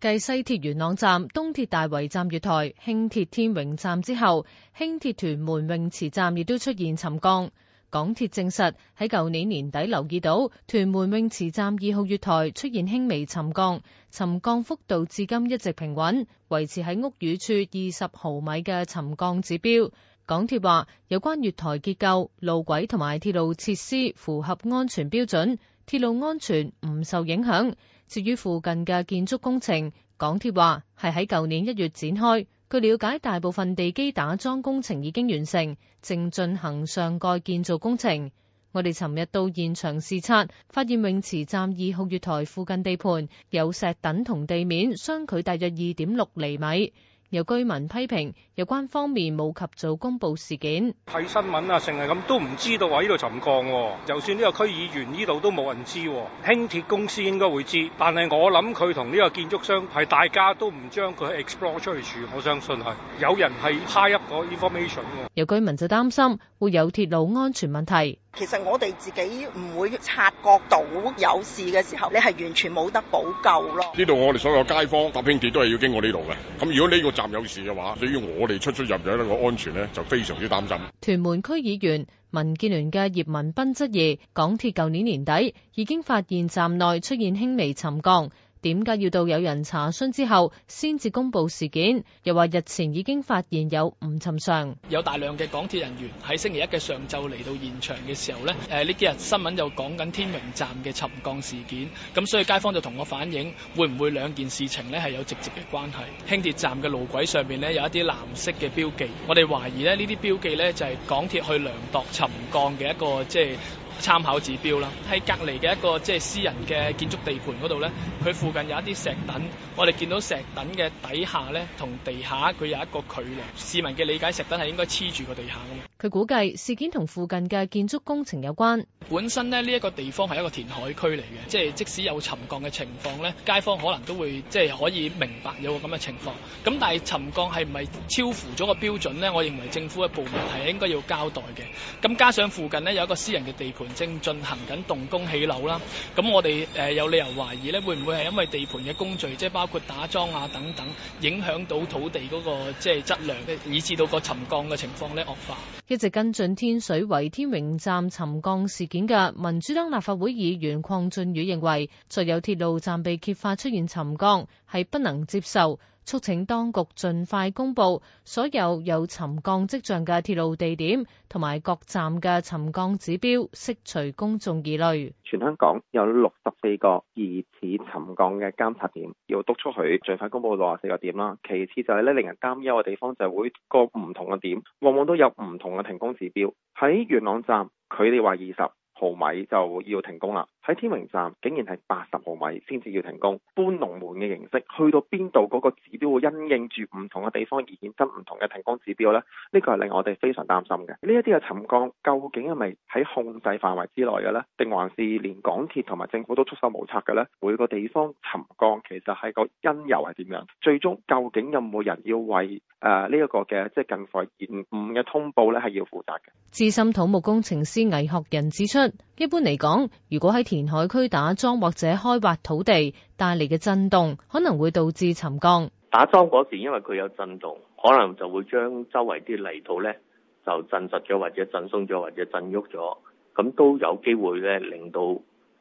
繼西鐵元朗站、東鐵大圍站月台、輕鐵天榮站之後，輕鐵屯門泳池站亦都出現沉降。港鐵證實喺舊年年底留意到屯門泳池站二號月台出現輕微沉降，沉降幅度至今一直平穩，維持喺屋宇處二十毫米嘅沉降指標。港鐵話有關月台結構、路軌同埋鐵路設施符合安全標準。鐵路安全唔受影響。至於附近嘅建築工程，港鐵話係喺舊年一月展開。據了解，大部分地基打樁工程已經完成，正進行上蓋建造工程。我哋尋日到現場視察，發現泳池站二號月台附近地盤有石躉同地面，相距大約二點六厘米。有居民批評有關方面冇及早公布事件，睇新聞啊，成日咁都唔知道喺度沉降。就算呢個區議員呢度都冇人知，輕鐵公司應該會知，但係我諗佢同呢個建築商係大家都唔將佢 explore 出去住，我相信係有人係 high 入咗 information。有居民就擔心會有鐵路安全問題。其實我哋自己唔會察覺到有事嘅時候，你係完全冇得補救咯。呢度我哋所有街坊搭輕鐵都係要經過呢度嘅，咁如果呢個站有事嘅話，對於我哋出出入入呢個安全呢，就非常之擔心。屯門區議員民建聯嘅葉文斌質疑，港鐵舊年年底已經發現站內出現輕微沉降。點解要到有人查詢之後先至公佈事件？又話日前已經發現有唔尋常，有大量嘅港鐵人員喺星期一嘅上晝嚟到現場嘅時候咧，誒呢幾日新聞又講緊天榮站嘅沉降事件，咁所以街坊就同我反映，會唔會兩件事情咧係有直接嘅關係？輕鐵站嘅路軌上面咧有一啲藍色嘅標記，我哋懷疑咧呢啲標記咧就係港鐵去量度沉降嘅一個即係。參考指標啦，喺隔離嘅一個即係私人嘅建築地盤嗰度，呢佢附近有一啲石躉，我哋見到石躉嘅底下呢同地下佢有一個距離。市民嘅理解石躉係應該黐住個地下嘅嘛。佢估計事件同附近嘅建築工程有關。本身呢，呢、這、一個地方係一個填海區嚟嘅，即係即使有沉降嘅情況呢，街坊可能都會即係可以明白有個咁嘅情況。咁但係沉降係咪超乎咗個標準呢？我認為政府嘅部門係應該要交代嘅。咁加上附近呢，有一個私人嘅地盤。盤正進行緊動工起樓啦，咁我哋誒有理由懷疑咧，會唔會係因為地盤嘅工序，即係包括打樁啊等等，影響到土地嗰個即係質量，咧，以致到個沉降嘅情況咧惡化。一直跟進天水圍天榮站沉降事件嘅民主黨立法會議員鄺俊宇認為，再有鐵路站被揭發出現沉降，係不能接受。促請當局盡快公布所有有沉降跡象嘅鐵路地點同埋各站嘅沉降指標，釋除公眾疑慮。全香港有六十四個疑似沉降嘅監察點，要督促佢盡快公布六十四個點啦。其次就係咧令人擔憂嘅地方，就每個唔同嘅點，往往都有唔同嘅停工指標。喺元朗站，佢哋話二十毫米就要停工啦。喺天榮站竟然係八十毫米先至要停工，搬龍門嘅形式去到邊度？嗰個指標會因應住唔同嘅地方而衍生唔同嘅停工指標咧？呢、呢個係令我哋非常擔心嘅。呢一啲嘅沉降究竟係咪喺控制範圍之內嘅咧？定還是連港鐵同埋政府都束手無策嘅咧？每個地方沉降其實係個因由係點樣？最終究竟有冇人要為誒呢一個嘅即係近排延誤嘅通報咧係要負責嘅？資深土木工程師魏學仁指出。一般嚟講，如果喺填海區打樁或者開挖土地，帶嚟嘅震動可能會導致沉降。打樁嗰時，因為佢有震動，可能就會將周圍啲泥土咧就震實咗，或者震鬆咗，或者震喐咗，咁都有機會咧令到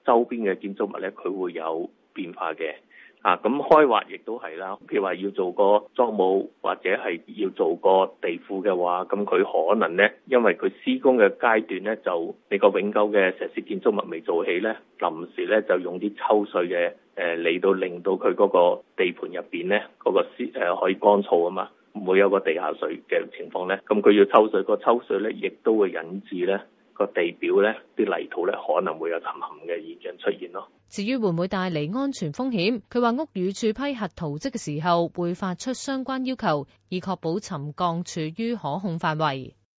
周邊嘅建築物咧佢會有變化嘅。啊，咁開挖亦都係啦。譬如話要做個樁帽或者係要做個地庫嘅話，咁佢可能呢，因為佢施工嘅階段呢，就你個永久嘅石屎建築物未做起呢，臨時呢就用啲抽水嘅嚟到令到佢嗰個地盤入面呢，嗰、嗰個施、呃、可以乾燥啊嘛，唔會有個地下水嘅情況呢。咁佢要抽水，個抽水呢亦都會引致呢。個地表咧，啲泥土咧，可能會有沉陷嘅現象出現咯。至於會唔會帶嚟安全風險？佢話屋宇署批核圖則嘅時候，會發出相關要求，以確保沉降處於可控範圍。